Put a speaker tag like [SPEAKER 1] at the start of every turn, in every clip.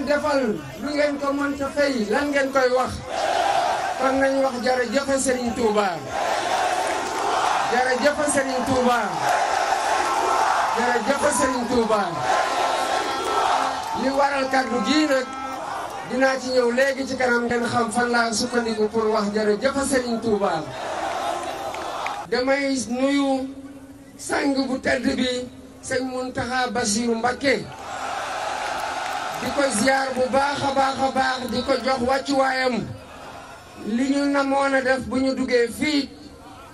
[SPEAKER 1] leen defal lu ngeen ko mënta fay lan ngeen koy wax kon nañ wax jërëjëf Serigne Touba jërëjëf Serigne Touba jërëjëf Serigne Touba li waral kàddu gii nag dinaa ci ñëw léegi ci kanam ngeen xam fan laa sukkandiku pour wax jërëjëf Serigne Touba damay nuyu sang bu tedd bi sëñ Mountakha Bassirou Mbacké di ko ziar bu baax di ko jox wàccuwaayam li ñu namoon a def bu ñu duggee fii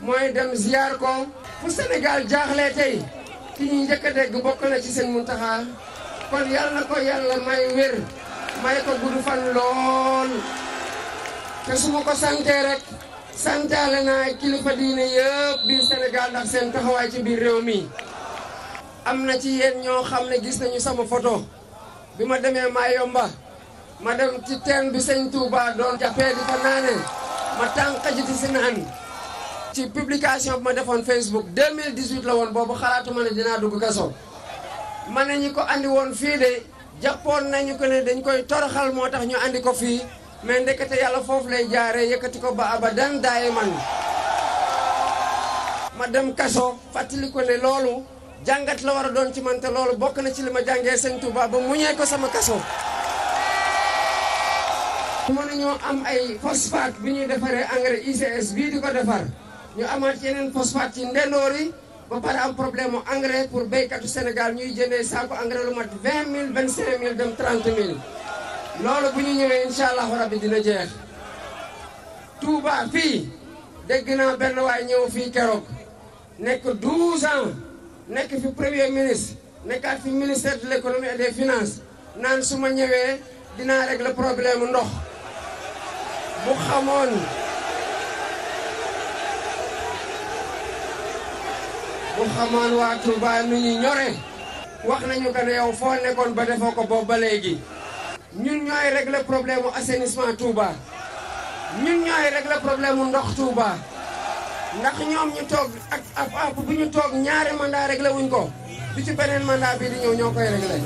[SPEAKER 1] mooy dem ziar ko fu Sénégal jaaxlee tey ki ñuy njëkk a bokk na ci seen muntaxaa kon yàlla ko yàlla may wér may ko gudd fan lool te ko santee rek santaale naa kilifa diine yëpp biir Sénégal ndax seen taxawaay ci biir réew mi am na ci yéen ñoo xam ne gis nañu sama photo bi ma demee maa yomba ma dem ci teen bi sëñ Touba doon jàppee di fa naane ma tànqajiti si naan ci publication bu ma defoon Facebook 2018 la woon boobu ma ne dinaa dugg kaso ma ne ñi ko andi woon fii de jàppoon nañu ko ne dañ koy toroxal moo tax ñu andi ko fii mais ndekete yàlla foofu lay jaaree yëkkati ko ba abadan daaye man ma dem kaso fàttali ko ne loolu jàngat la war a doon ci mante te loolu bokk na ci li ma jàngee sëñ Touba ba muñee ko sama kaso. mënuñoo am ay phosphate bi ñuy defaree engrais ICS bii di ko defar ñu amaat yeneen phosphate ci ndendoor yi ba pare am problème mu engrais pour béykatu Sénégal ñuy jëndee saako engrais lu mat vingt mille vingt cinq dem trente mille. loolu bu ñu ñëwee incha allahu rabbi dina jeex Touba fii dégg naa benn waay ñëw fii keroog nekk douze nekk fi premier ministre nekkaat fi ministère de l'économie et des finances naan su ma ñëwee dinaa régler problème ndox bu xamoon bu xamoon waa Touba nu ñu ñore wax nañu ko ne yow foo nekkoon ba defoo ko boobu ba léegi ñun ñooy régler problème mu assainissement Touba ñun ñooy régler problème mu ndox Touba ndax ñoom ñu toog ak ab ab ñu toog ñaari mandat réglé wuñ ko bi ci man mandat bii di ñëw ñoo koy réglé